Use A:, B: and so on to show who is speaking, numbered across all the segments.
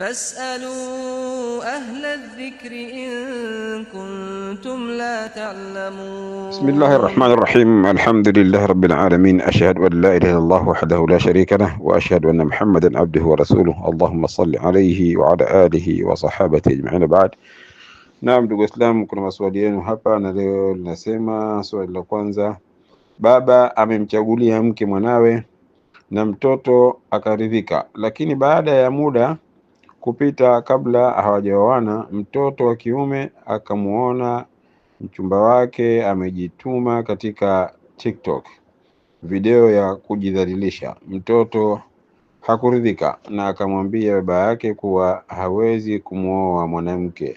A: فاسألوا أهل الذكر إن كنتم لا تعلمون
B: بسم الله الرحمن الرحيم الحمد لله رب العالمين أشهد أن لا إله إلا الله وحده لا شريك له وأشهد أن محمدا عبده ورسوله اللهم صل عليه وعلى آله وصحابته أجمعين بعد نعم دوغ إسلام كنا مسؤولين yenu نقول نسيما سؤال linasema بابا أمم kwanza, baba مناوي mke نعم، mwanawe لكن بعد يا lakini muda kupita kabla hawajaoana, mtoto wa kiume akamuona mchumba wake amejituma katika TikTok video ya kujidhalilisha. Mtoto hakuridhika na akamwambia baba yake kuwa hawezi kumwoa mwanamke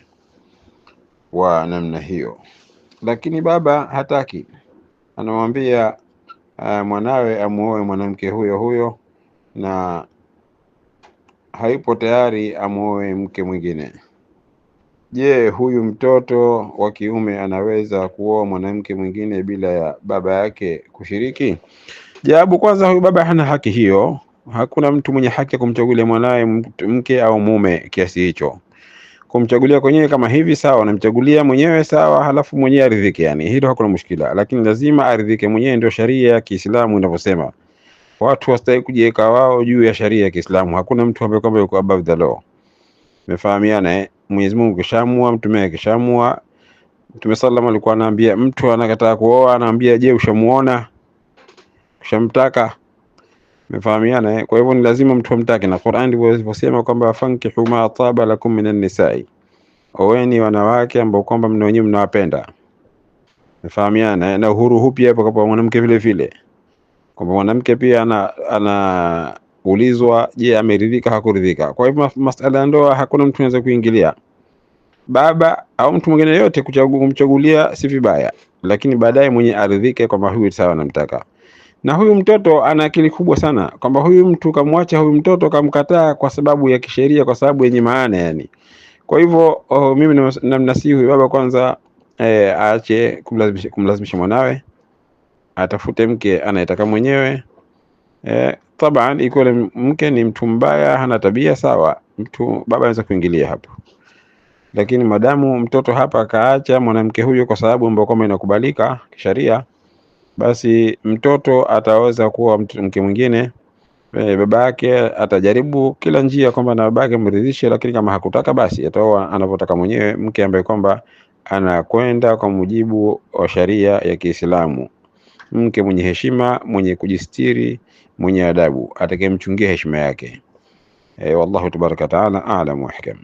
B: wa namna hiyo, lakini baba hataki, anamwambia uh, mwanawe amuoe mwanamke huyo huyo na haipo tayari amwoe mke mwingine. Je, huyu mtoto wa kiume anaweza kuoa mwanamke mwingine bila ya baba yake kushiriki? Jawabu, kwanza huyu baba hana haki hiyo. Hakuna mtu mwenye haki ya kumchagulia mwanawe mke au mume kiasi hicho. Kumchagulia kwenyewe kama hivi, sawa, anamchagulia mwenyewe sawa, halafu mwenyewe aridhike, yani hilo hakuna mushkila, lakini lazima aridhike mwenyewe, ndio sharia ya Kiislamu inavyosema. Watu wastahili kujiweka wao juu ya sharia ya Kiislamu. Hakuna mtu ambaye kwamba yuko above the law. Umefahamiana eh? Mwenyezi Mungu kishamua, mtume kishamua. Mtume sallam alikuwa anaambia mtu anakataa kuoa, anaambia je, ushamuona? Ushamtaka? Umefahamiana eh? Kwa hivyo ni lazima mtu amtake, na Qur'an ndivyo ilivyosema kwamba fankihu ma taba lakum minan nisa'i, oweni wanawake ambao kwamba mna wenyewe mnawapenda. Umefahamiana eh? Na uhuru hupi hapo kwa mwanamke vile vile kwamba mwanamke pia ana anaulizwa, je, ameridhika hakuridhika. Kwa hivyo masala ya ndoa hakuna mtu anaweza kuingilia, baba au mtu mwingine yote kumchagulia si vibaya, lakini baadaye mwenye aridhike kwamba huyu sawa, anamtaka na huyu mtoto ana akili kubwa sana, kwamba huyu mtu kamwacha huyu mtoto kamkataa kwa sababu ya kisheria, kwa sababu yenye maana yani. Kwa hivyo oh, mimi namnasihi huyu baba kwanza, eh, aache kumlazimisha mwanawe atafute mke anayetaka mwenyewe e, taban ikiwa mke ni mtu mbaya, hana tabia sawa, mtu baba anaweza kuingilia hapo, lakini madamu mtoto hapa akaacha mwanamke huyo kwa sababu ambayo kwamba inakubalika kisharia, basi mtoto ataweza kuwa mke mwingine e, baba yake atajaribu kila njia kwamba na baba yake mridhishe, lakini kama hakutaka basi atao anapotaka mwenyewe mke ambaye kwamba anakwenda kwa mujibu wa sharia ya Kiislamu mke mwenye heshima, mwenye kujistiri, mwenye adabu, atakayemchungia heshima yake. E, wallahu tabaraka wataala alam wahkam.